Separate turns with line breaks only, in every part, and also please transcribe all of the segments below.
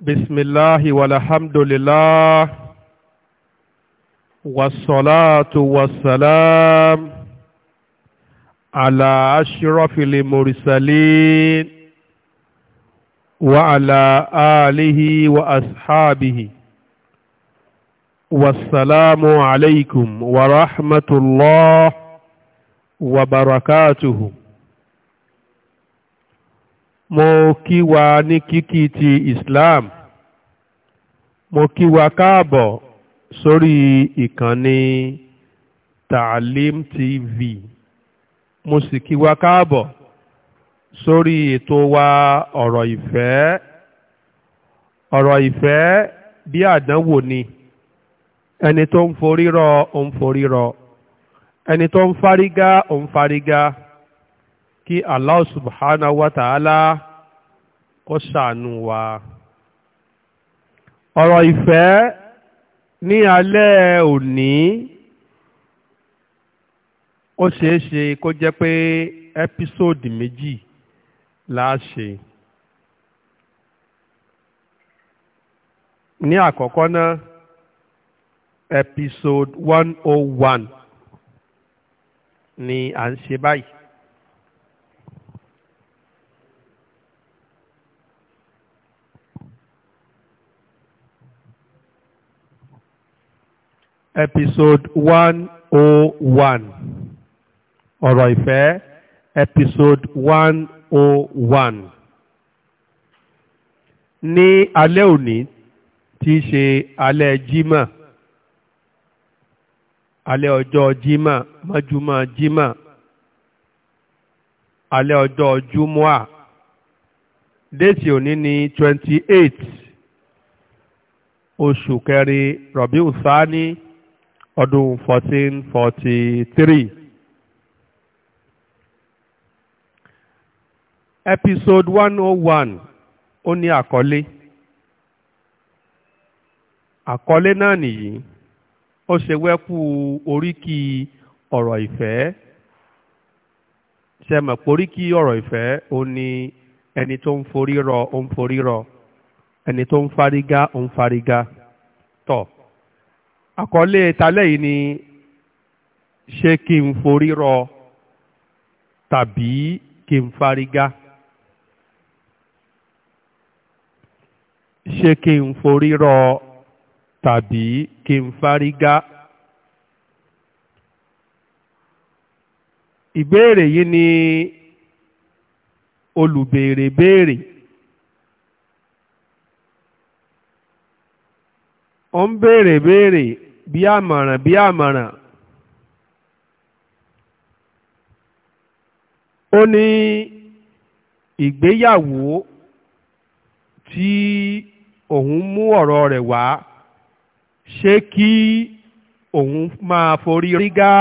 بسم الله والحمد لله والصلاة والسلام على أشرف المرسلين وعلى آله وأصحابه والسلام عليكم ورحمة الله وبركاته mo kí wa ní kíkí ti Islam mo kí wa káàbọ̀ sórí ìkànnì Taalim TV mo sì kí wa káàbọ̀ sórí ètò wa ọ̀rọ̀ ìfẹ́ ọ̀rọ̀ ìfẹ́ bí àdánwò ni ẹni tó ń forírọ̀ ó ń forírọ̀ ẹni tó ń fárígá ó ń kí Allah subhanahu wa ta'ala kó ṣàánú wa ọ̀rọ̀ ìfẹ́ ní alẹ́ òní ó ṣeéṣe kó jẹ́ pé ẹ́písòdì méjì la ṣe ní àkọ́kọ́ náà episode one oh ni à ń ṣe báyìí episode 101. oh one ọ̀rọ̀ ìfẹ́ episode 101. oh one ní alẹ́ òní tí í ṣe alẹ́ jímà alẹ́ ọjọ́ jímà mọ́júmọ́ jímà alẹ́ ọjọ́ júmọ́à déètì òní ní twenty eight oṣù kẹrin rọ̀bíù sáà ní ọdún 1443. episode 101 ó ní àkọlé àkọlé náà nìyí ó ṣe wẹ́kú oríkì ọ̀rọ̀ ìfẹ́ ṣe mọ̀ pé oríkì ọ̀rọ̀ ìfẹ́ ó ní ẹni tó ń forí rọ ó ń forí rọ ẹni tó ń farigá ó ń farigá tọ̀. àkọlé talẹ́ yìí ni ṣé kí n forí rọ tàbí kí n farigá ṣé kí n forí rọ tàbí kí n farigá ìbéèrè yìí ni olùbéèrè béèrè ó ń béèrè béèrè bí àmọ̀ràn bí àmọ̀ràn ó ní ìgbéyàwó tí òun mú ọ̀rọ̀ rẹ̀ wá ṣé kí òun máa forí rígá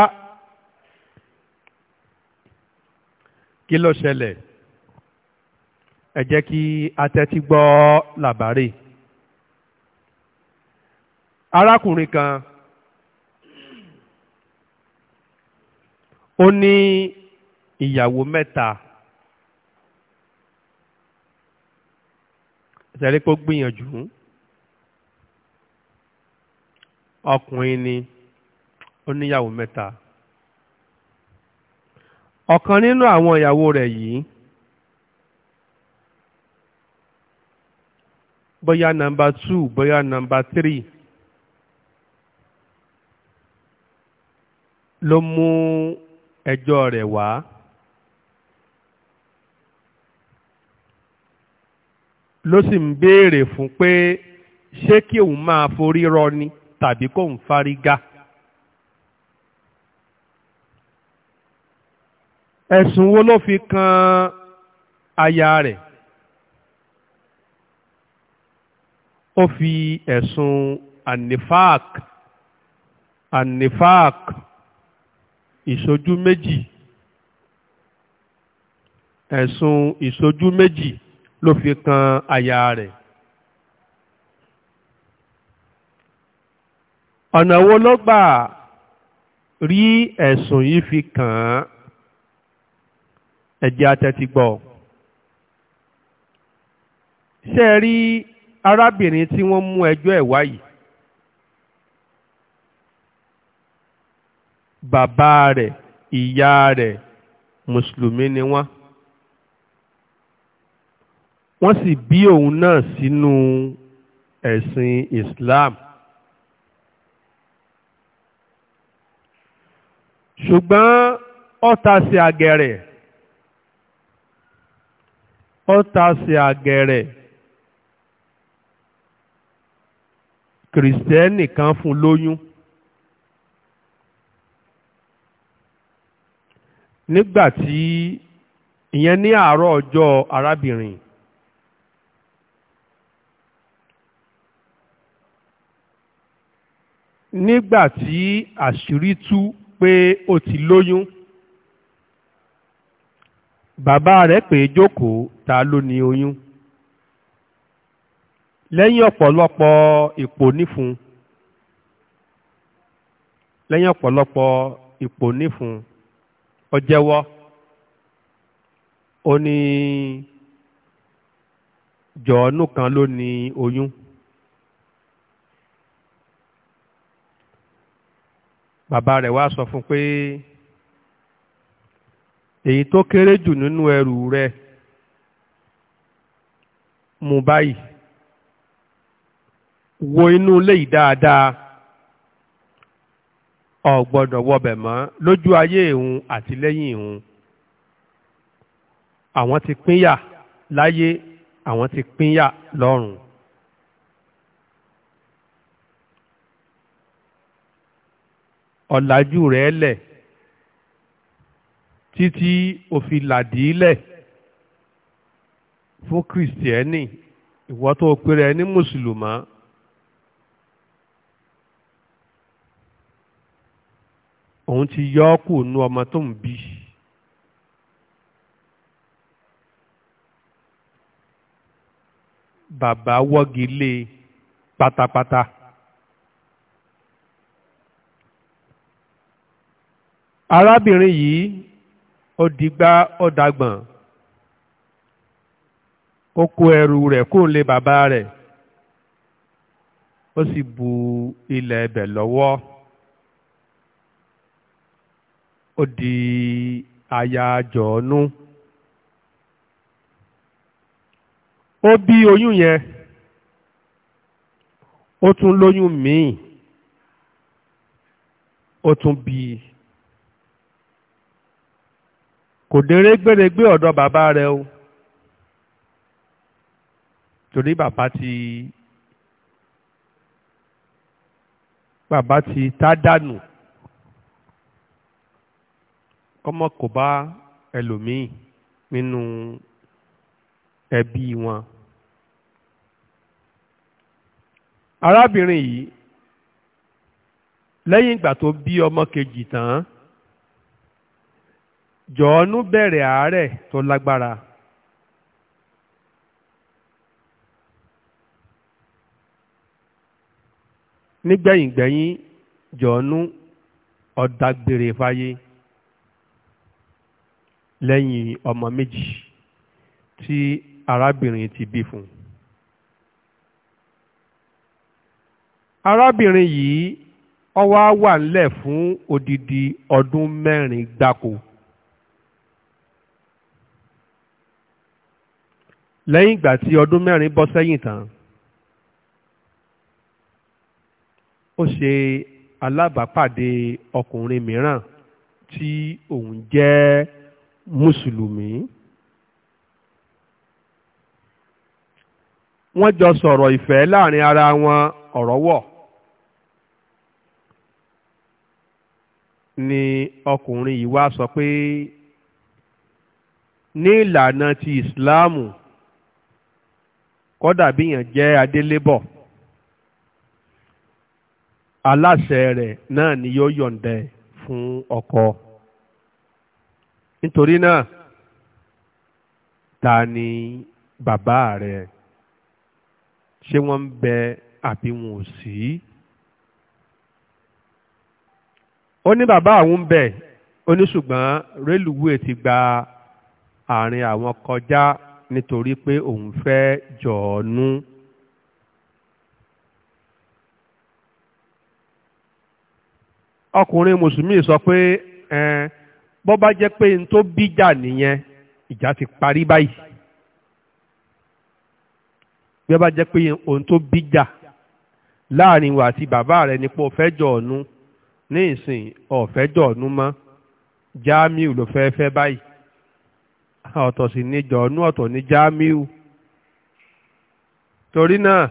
kí ló ṣẹlẹ̀ ẹ jẹ́ kí a gbọ́ làbárè arákùnrin kan ó ní ìyàwó mẹ́ta ìṣẹ̀lẹ̀ kó gbìyànjú ọkùnrin ni ó níyàwó mẹ́ta ọ̀kan nínú àwọn ìyàwó rẹ̀ yìí bóyá nọmba two bóyá nọmba three ló mú ẹjọ́ rẹ̀ wá. ló sì ń béèrè fún pé ṣé kí òun máa forí rọ ni tàbí kóun fárígá. ẹ̀sùn wo ló fi kan aya rẹ̀ ó fi ẹ̀sùn anifak anifak ìṣojú méjì ẹ̀sùn ìṣojú méjì ló fi kan aya rẹ̀ ọ̀nà wo ló gbà rí ẹ̀sùn yìí fi kàn án ẹ̀jẹ̀ atẹ́tí gbọ́ ṣé ẹ rí arábìnrin tí wọ́n mú ẹjọ́ ẹ̀ yìí bàbá rẹ̀ ìyá rẹ̀ mùsùlùmí ni wọ́n wọ́n sì bí òun náà sínú ẹ̀sìn Islam ṣùgbọ́n ọ́tàsí àgẹ̀rẹ̀ ọ́tàsí àgẹ̀rẹ̀ kìrìsìtẹ́nì kan fún lóyún nígbà tí ìyẹn ní àárọ̀ ọjọ́ arábìnrin nígbà tí àṣírí tú pé ó ti lóyún bàbá rẹ̀ pè é jókòó ta ló ní oyún lẹ́yìn ọ̀pọ̀lọpọ̀ ipò nífun lẹ́yìn ọ̀pọ̀lọpọ̀ ipò nífun ó jẹ́wọ́ ó ní jọ̀ọ́nù kan ló ní oyún bàbá rẹ̀ wá sọ fún pé èyí tó kéré jù nínú ẹrù rẹ̀ mú báyìí wo inú ilé dáadáa ò gbọ́dọ̀ wọbẹ̀ mọ́ lójú ayé ìhun àti lẹ́yìn ìhun àwọn ti pínyà láyé àwọn ti pínyà lọ́run. ọ̀làjú rẹ̀ lẹ̀ títí òfin làdílẹ̀ fún kìrìsìtẹ́nì ìwọ tó pèrè ní mùsùlùmá òun ti yọ ọ́ kù nu ọmọ tó ń bí. bàbá wọ́gi lé e pátápátá. arábìnrin yìí ó dìgbà ó dàgbọ̀n ó kó ẹrù rẹ̀ kó lé bàbá rẹ̀ ó sì bu ilẹ̀ ẹbẹ̀ lọ́wọ́ ó di aya jọ̀ọ́nú ó bí oyún yẹn ó tún lóyún míì ó tún bí i kò déré gbèrègbè ọ̀dọ̀ bàbá rẹ̀ o torí bàbá ti bàbá ti tá dànù kọ́mọ kò bá ẹlòmíì nínú ẹbí wọn. arábìnrin yìí lẹ́yìn ìgbà tó bí ọmọ kejì tán jọ̀ọ́nú bẹ̀rẹ̀ àárẹ̀ tó lágbára. nígbẹ̀yìngbẹ̀yìn jọ̀ọ́nú ọ̀dàgbèrè fáyé lẹ́yìn ọmọ méjì tí arábìnrin ti bí fún arábìnrin yìí ó wá wà nílẹ̀ fún odidi ọdún mẹ́rin gbáko lẹ́yìn ìgbà tí ọdún mẹ́rin bọ́ sẹ́yìn tán ó ṣe alábàápàdé ọkùnrin mìíràn tí òun jẹ́ musulumi wọ́n jọ sọ̀rọ̀ ìfẹ́ láàrin ara wọn ọ̀rọ̀ wọ̀ ni ọkùnrin yìí wá sọ pé ní ìlànà ti ìsìláàmù kódà bíyàn jẹ́ adélébọ̀ aláṣẹ rẹ̀ náà ni yóò yọ̀ǹdẹ̀ fún ọkọ. nítorí náà ta ni bàbá rẹ ṣé wọ́n ń bẹ àbí wọn ò sí. ó ní bàbá àwọn ń bẹ ó ní ṣùgbọ́n rélùwé ti gba àárín àwọn kọjá nítorí pé òun fẹ́ jọ̀ọ́nú. ọkùnrin mùsùlùmí sọ pé ẹ. Eh, bó bá jẹ́ pé n tó bíjà nìyẹn ìjà ti parí báyìí bí ó bá jẹ́ pé ohun tó bíjà láàrin wa àti bàbá rẹ̀ nípò fẹ́jọ́ ọ̀nù ní ìsìn ọ̀fẹ́jọ́ ọ̀nù mọ́ Jamiu ló fẹ́ fẹ́ báyìí ọ̀tọ̀ sì ní jọ̀ọ́nù ọ̀tọ̀ ní Jamiu torí náà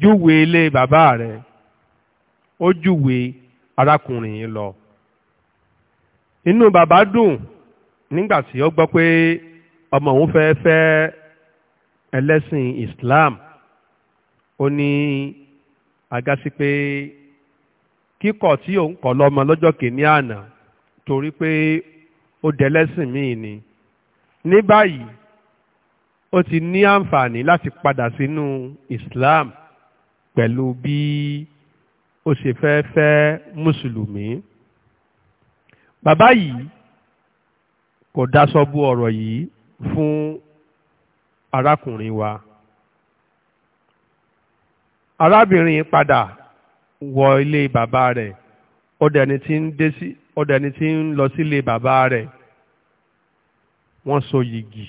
júwe ilé bàbá rẹ̀ ó júwe arákùnrin yìí lọ inú bàbá dùn nígbà tí ó gbọ́ pé ọmọ òun fẹ́ fẹ́ ẹlẹ́sìn Islam ó ní agásí pé kíkọ̀ tí òun kọ̀ lọ́mọ lọ́jọ́ kìíní àná torí pé ó dẹlẹ́sìn míì ni ní báyìí ó ti ní àǹfààní láti padà sínú Islam pẹ̀lú bí ó ṣe fẹ́ fẹ́ mùsùlùmí bàbá yìí kò dáṣọ bo ọ̀rọ̀ yìí fún arákùnrin wa arábìnrin padà wọ ilé bàbá rẹ̀ ọdẹni tí ń lọ sílé bàbá rẹ̀ wọ́n so yìgì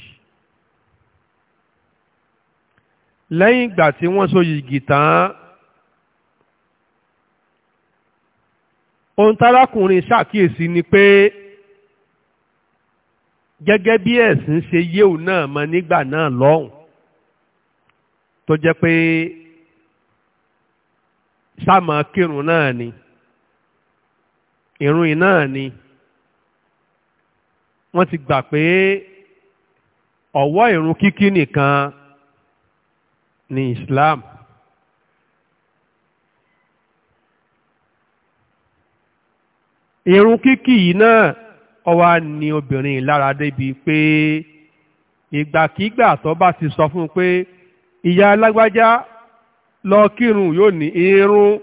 lẹ́yìn ìgbà tí wọ́n so yìgì tán ohun tárákùnrin ṣàkíyèsí ni pé gẹ́gẹ́ bí ẹ̀sìn ṣe yéwu náà mọ nígbà náà lọ́hùn tó jẹ́ pé sáàmà kírun náà ni ìrun náà ni wọ́n ti gbà pé ọ̀wọ́ ìrun kíkí nìkan ni Islam. irun kíkì yìí náà ọ wá ní obìnrin lára débi pé ìgbàkígbà tó bá ti sọ fún un pé ìyá alágbájá lọ kírun yóò ní irun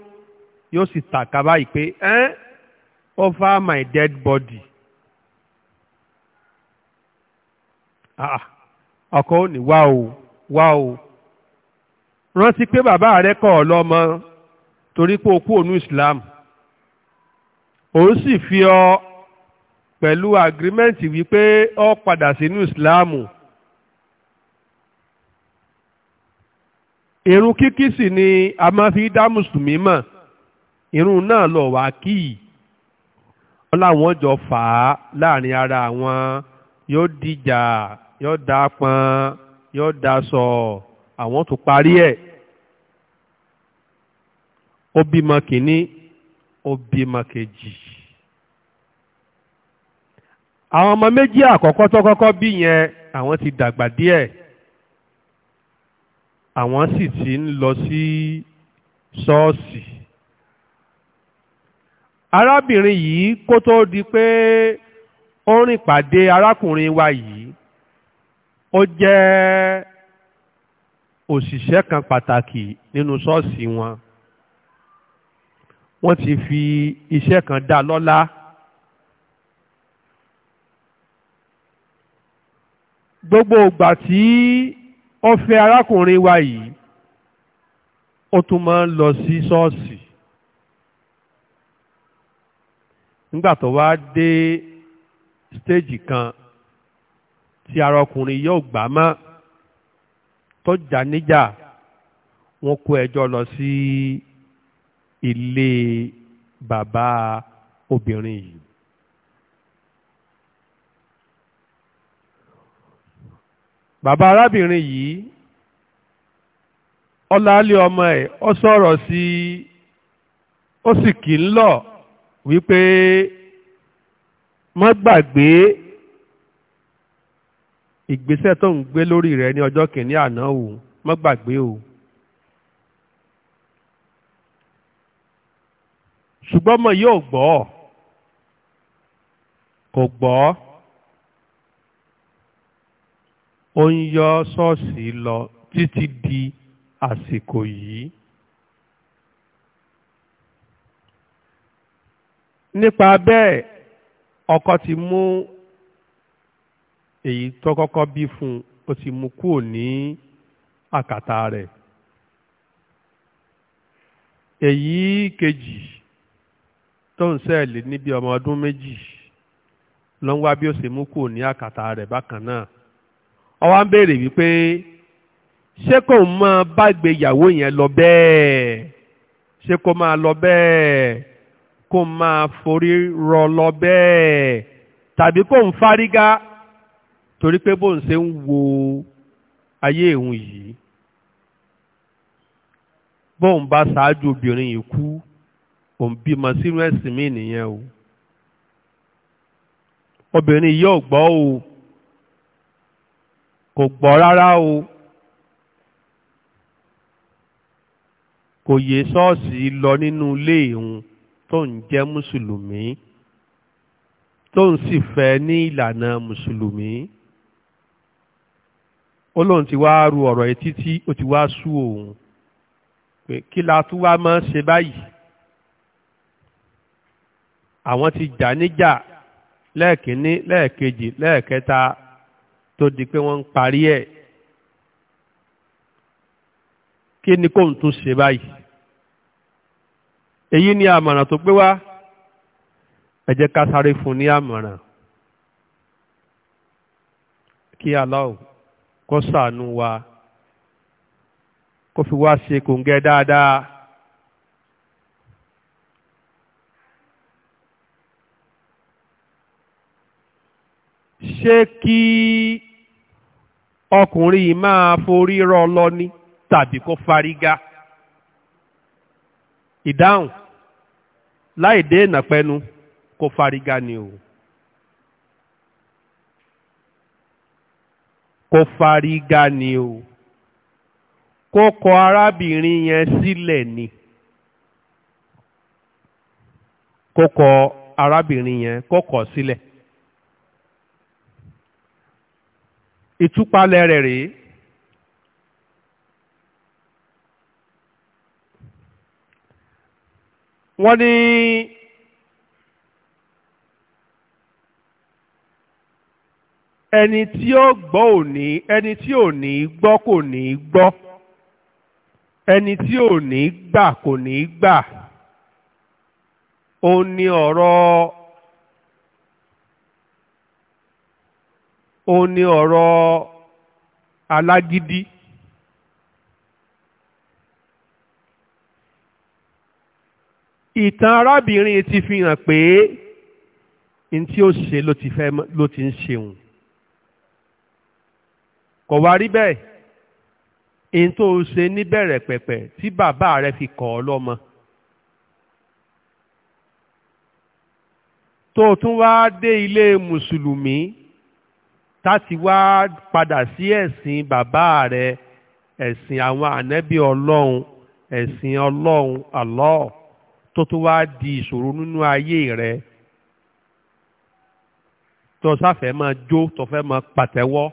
yóò sì tàka báyìí pé ẹ́n over my dead body. Ah, ọkọ ò ní wá o wá o rántí pé bàbá rẹ kọ̀ ọ́ lọ́mọ torí pé o kú Islam. ó sì fi ọ pẹ̀lú àgírímẹ́ǹtì wípé ọ padà sínú ìsìláàmù irun kíkí sì ni a máa fi dá mùsùlùmí mọ̀ irun náà lọ wá kí yìí wọ́n láwọn jọ fà á láàrin ara àwọn yóò dìjà yóò dá pọn yóò dá sọ àwọn tó parí ẹ̀ ó bímọ kìíní ó bímọ kejì àwọn ọmọ méjì àkọ́kọ́ tó kọ́kọ́ bí yẹn àwọn ti dàgbà díẹ̀ àwọn sì ti ń lọ sí ṣọ́ọ̀ṣì arábìnrin yìí kó tó di pé ó rìn pàdé arákùnrin wa yìí ó jẹ́ òṣìṣẹ́ kan pàtàkì nínú ṣọ́ọ̀ṣì wọn wọ́n ti fi iṣẹ́ kan dá lọ́lá gbogbo ìgbà tí ó fẹ́ arákùnrin wa yìí ó tún máa ń lọ sí ṣọ́ọ̀ṣì nígbà tó wá dé stéèjì kan tí ara yóò gbà mọ́ tó jà níjà wọ́n kó ẹjọ́ lọ sí. Si ilé bàbá obìnrin yìí. bàbá arábìnrin yìí ọláálé ọmọ ẹ̀ ó sọ̀rọ̀ sí i ó sì kì í lọ wípé má gbàgbé ìgbésẹ̀ tó ń gbé lórí rẹ̀ ní ọjọ́ kìíní àná o má gbàgbé o. ṣùgbọ́n ọmọ yóò gbọ́ kò gbọ́ ó ń yọ ṣọ́ọ̀ṣì lọ títí di àsìkò yìí. nípa bẹ́ẹ̀ ọkọ ti mú èyí tó kọ́kọ́ bí fún un ó ti mú kúrò ní àkàtà rẹ̀ èyí kejì tó ń sẹ́ẹ̀lì níbi ọmọ ọdún méjì ló ń wá bí ó ṣe mú kù ní àkàtà rẹ̀ bákan náà ó wá ń béèrè wípé ṣé kò máa bá gbéyàwó yẹn lọ bẹ́ẹ̀ ṣé kò máa lọ bẹ́ẹ̀ kò máa forí rọ lọ bẹ́ẹ̀ tàbí kò ń fárígá torí pé bóun ṣe ń wo ayé ìhun yìí bóun bá ṣáájú obìnrin yìí kú ò ń bímọ sínú ẹ̀sìn mi nìyẹn o obìnrin yìí ò gbọ́ o kò gbọ́ rárá o kò yé ṣọ́ọ̀ṣì lọ nínú ilé ìhun tó ń jẹ́ mùsùlùmí tó ń sì fẹ́ ní ìlànà mùsùlùmí ó lóun ti wá ru ọ̀rọ̀ yìí títí ó ti wá sú òun pé kí la tún wá máa ṣe báyìí àwọn ti jà níjà lẹ́ẹ̀kínní lẹ́ẹ̀kejì lẹ́ẹ̀kẹta tó di pé wọ́n ń parí ẹ̀ kí ni kò ń tún ṣe báyìí èyí ni àmọ̀ràn tó gbé wá ẹ jẹ́ fún ní àmọ̀ràn kí Allah kó ṣàánú wa kó fi wá ṣe kòǹgẹ́ dáadáa. ṣé kí ọkùnrin yìí máa forí rọ lọ ní tàbí kó fárígá ìdáhùn láì dé ìnàpẹnu kó fárígá ni o kó fárígá ni o kó kọ arábìnrin yẹn sílẹ̀ ni kó kọ arábìnrin yẹn kó kọ sílẹ̀. ìtúpalẹ̀ rẹ̀ rèé wọ́n ní ẹni tí ó gbọ́ ò ní ẹni tí ò ní gbọ́ kò ní gbọ́ ẹni tí ò ní gbà kò ní gbà ó ní ọ̀rọ̀ òun ni ọ̀rọ̀ alágídí ìtàn arábìnrin ti fi hàn pé n tí ó ṣe ló ti fẹ́ ló ti ń ṣeun kò wá rí bẹ́ẹ̀ èyí tó ṣe níbẹ̀rẹ̀ pẹ̀pẹ̀ tí bàbá rẹ fi kọ̀ ọ́ lọ́mọ tó tún wá dé ilé mùsùlùmí táti wá padà sí ẹ̀sìn bàbá rẹ ẹ̀sìn àwọn ànẹ́bí ọlọ́run ẹ̀sìn ọlọ́run Allah tó tó wá di ìṣòro nínú ayé rẹ tó sáfẹ́ máa jó tó fẹ́ máa pàtẹ́wọ́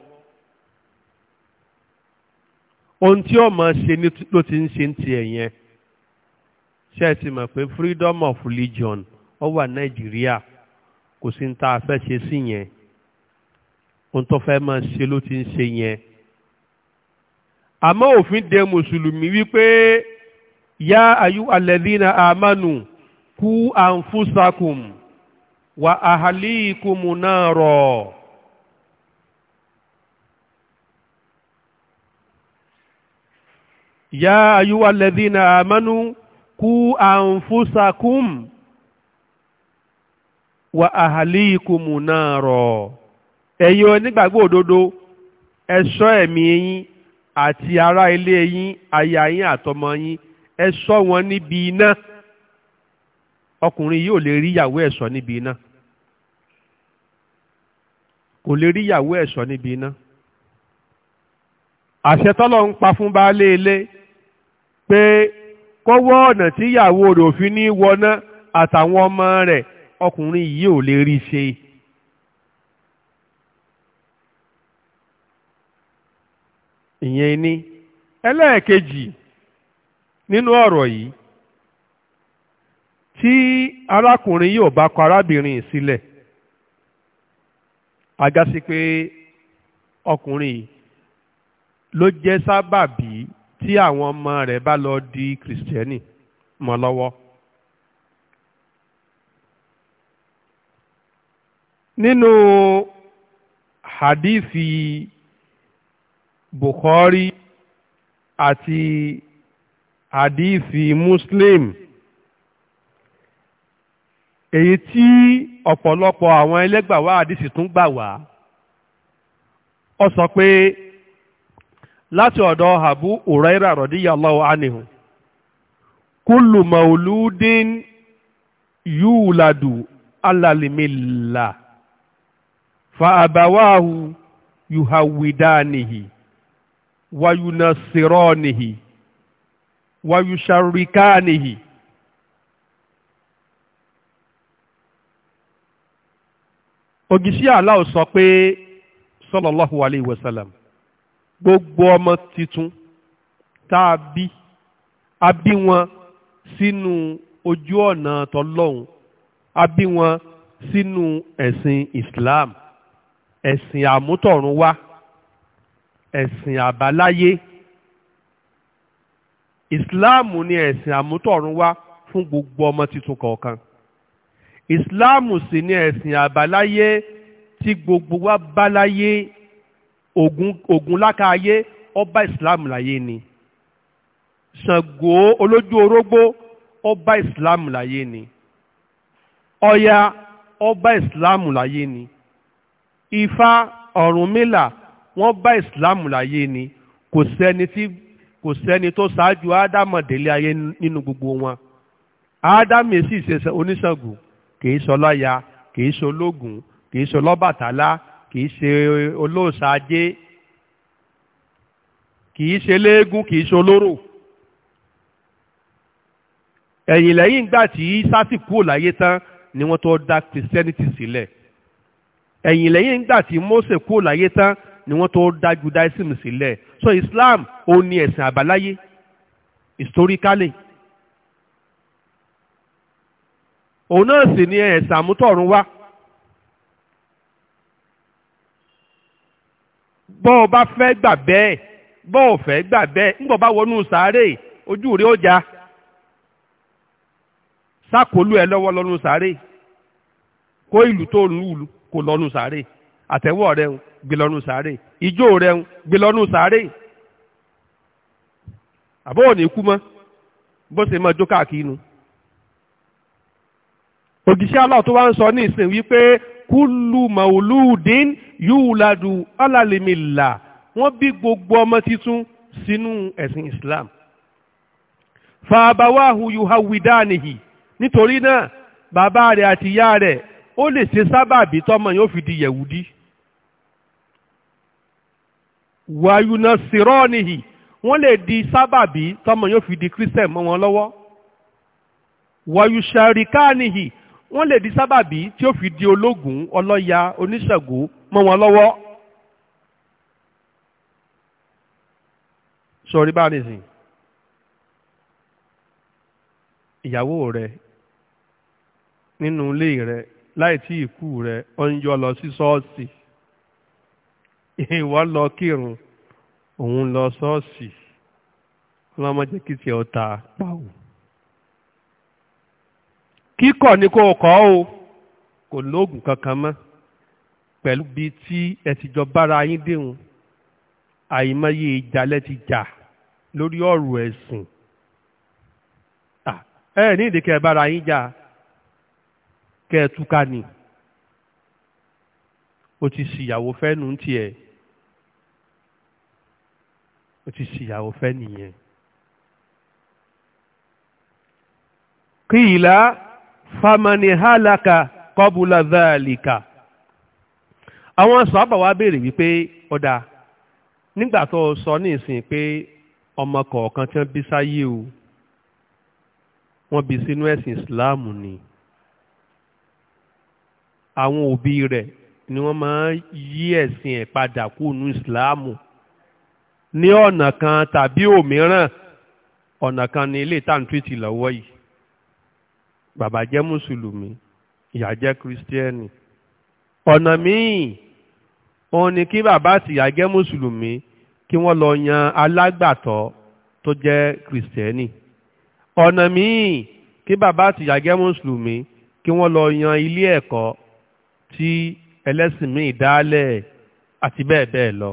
ohun tí ó máa ṣe ló ti ń ṣe ń tiẹ̀ yẹn ṣe ti mọ̀ pé freedom of religion ó wà Nàìjíríà kò sí ní tá a fẹ́ ṣe sí yẹn ohun tó fẹ́ máa ṣe ló ti ń ṣe yẹn àmọ́ òfin de mùsùlùmí wípé yá ayú alẹ́dínà àmánù kú àǹfùsàkùm wà àhàlíkùmù náà rọ̀. yá ayú alẹ́dínà àmánù kú àǹfùsàkùm wà àhàlíkùmù náà rọ̀. ẹ̀yin onígbàgbọ́ òdodo ẹ̀ṣọ́ ẹ̀mí yín àti ará ilé yín aya yín àtọmọ yín ẹ̀ṣọ́ wọn níbi iná ọkùnrin yìí ò lè rí ìyàwó ẹ̀ṣọ́ níbi iná kò lè rí ìyàwó ẹ̀ṣọ́ níbi iná àṣẹ ń pa fún baálé ilé pé kọ́wọ́ ọ̀nà tí ìyàwó ní wọná àtàwọn ọmọ rẹ̀ ọkùnrin yìí ò lè rí ìyẹn ní ẹlẹ́ẹ̀kejì nínú ọ̀rọ̀ yìí tí arákùnrin yóò bá kọ arábìnrin sílẹ̀ agásí pé ọkùnrin yìí ló jẹ́ sábàbí tí àwọn ọmọ rẹ̀ bá lọ di kìrìsìtẹ́nì mọ́ lọ́wọ́. nínú hadithi Bukhari àti hadithi Muslim èyí tí ọ̀pọ̀lọpọ̀ àwọn ẹlẹ́gbàwá hadithi tún gbà wá ó sọ pé láti ọ̀dọ̀ Abu Huraira radiyallahu anhu kullu mauludin yúùladù alalimila fa abawahu yuhawidanihi wayunasironihi wayusharikanihi. ògìsí aláwọ̀ sọ pé sallallahu alayhi wa sallam gbogbo ọmọ titun tá a bí a bí wọn sínú ojú ọ̀nà tọlọ́hun a bí wọn sínú ẹ̀sìn Islam ẹ̀sìn àmútọ̀run wá ẹ̀sìn àbáláyé ìsìláàmù ni ẹ̀sìn àmútọ̀run wá fún gbogbo ọmọ tuntun kọ̀ọ̀kan ìsìláàmù sì ni ẹ̀sìn àbáláyé tí gbogbo wa bá láyé ògùn lákàáyé ọba ìsìláàmù láyé ni ṣàngó olójú orógbó ọba ìsìláàmù láyé ni ọya ọba ìsìláàmù láyé ni ifá ọ̀rúnmìlà wọ́n bá ìsìláàmù láyé ni kò sẹ́ni tí kò sẹ́ni tó ṣáájú ádámọ̀ délé ayé nínú gbogbo wọn ádámù èsì ìṣẹ̀ṣe oníṣàngó kìí ṣe ọlọ́ya kìí ṣe ológun kìí ṣe ọlọ́bàtálá kìí ṣe olóòṣà ajé kìí ṣe léégún kìí ṣe ẹ̀yìn lẹ́yìn ìgbà tí sátì kúrò láyé tán ni wọ́n tó dá christianity sílẹ̀ ẹ̀yìn lẹ́yìn ìgbà tí Mósè kúrò láyé tán ni wọ́n tó dá judaism sílẹ̀ so islam ó ní ẹ̀sìn àbáláyé historically òun náà sì ni ẹ̀sìn àmútọ̀run wá bọ́ ọ bá fẹ́ gbà bẹ́ẹ̀ bọ́ ọ fẹ́ gbà bẹ́ẹ̀ ńgbọ́ bá wọnú sàárè ojú rí ó já sákòólú ẹ lọ́wọ́ lọ́nu sàárè kó ìlú tó ń lù kó lọ́nu sàárè àtẹ́wọ́ rẹ ń gbé lọ́nu sàárè ìjó rẹ ń gbé lọ́nu sàárè àbọ̀ òní kú mọ́ bó ṣe máa jó káàkiri nu. òjíṣẹ́ aláwọ̀ tó wá ń sọ ní ìsìn wípé kúlù màúlùdín yúùlàdù alálẹ́mìlà wọ́n bí gbogbo ọmọ titun sínú ẹ̀sìn Islam. fàbáwáhu yuhawidanihi nítorí náà bàbá rẹ̀ àti ìyá rẹ̀ ó lè ṣe sábàbí tọ́mọ yóò fi di yẹ̀wùdí wàyúná sírọ́ọ̀nìhì wọ́n lè di sábàbí tọmọ yóò fi di kírísítẹ̀ mọ́ wọn lọ́wọ́ wàyúṣàríkánìhì wọ́n lè di sábàbí tí ó fi di ológun ọlọ́ya oníṣègùn mọ́ wọn lọ́wọ́. sọ̀rí bá nìsín ìyàwó rẹ nínú ilé rẹ láì tí ìkú rẹ ó ń yọ lọ sí ṣọ́ọ̀ṣì. Si ìwọ lọ kírun òun lọ ṣọ́ọ̀ṣì ọlọ́mọdé kí ti ọ̀tá pàwò kíkọ̀ ni kò kọ́ o kò lóògùn kankan mọ́ pẹ̀lú bíi tí ẹ ti jọ bára yín déhùn àìmọye ìjàlẹ̀ ti jà lórí ọ̀rọ̀ ẹ̀sìn ẹ ní ìdíkẹ́ bára yín jà kẹ́ ẹ túká ni o ti ṣìyàwó fẹ́nu tiẹ̀ ó ti ṣìyàwó fẹ́ nìyẹn. kíìlá famani halaka kọbula zaalika àwọn sọ́ọ̀bà wa béèrè wípé ọ̀dà nígbà tó sọ ní ìsìn pé ọmọ kọ̀ọ̀kan tí wọ́n bí sáyé o wọ́n bí sínú ẹ̀sìn ìsìláàmù ni àwọn òbí rẹ̀ ni wọ́n máa ń yí ẹ̀sìn ẹ̀ padà kúrò ní ìsìláàmù ní ọ̀nà kan tàbí òmíràn ọ̀nà kan ní ilé tàǹtìtì lọ́wọ́ yìí bàbá jẹ́ mùsùlùmí ìyá jẹ́ kírísítíẹ́nì ọ̀nà míì òun ni kí bàbá àtìyá jẹ́ mùsùlùmí kí wọ́n lọ yan alágbàtọ́ tó jẹ́ kírísítíẹ́nì ọ̀nà míì kí bàbá àtìyá jẹ́ mùsùlùmí kí wọ́n lọ yan ilé ẹ̀kọ́ tí ẹlẹ́sìn míì dálẹ̀ àti bẹ́ẹ̀ bẹ́ẹ̀ lọ.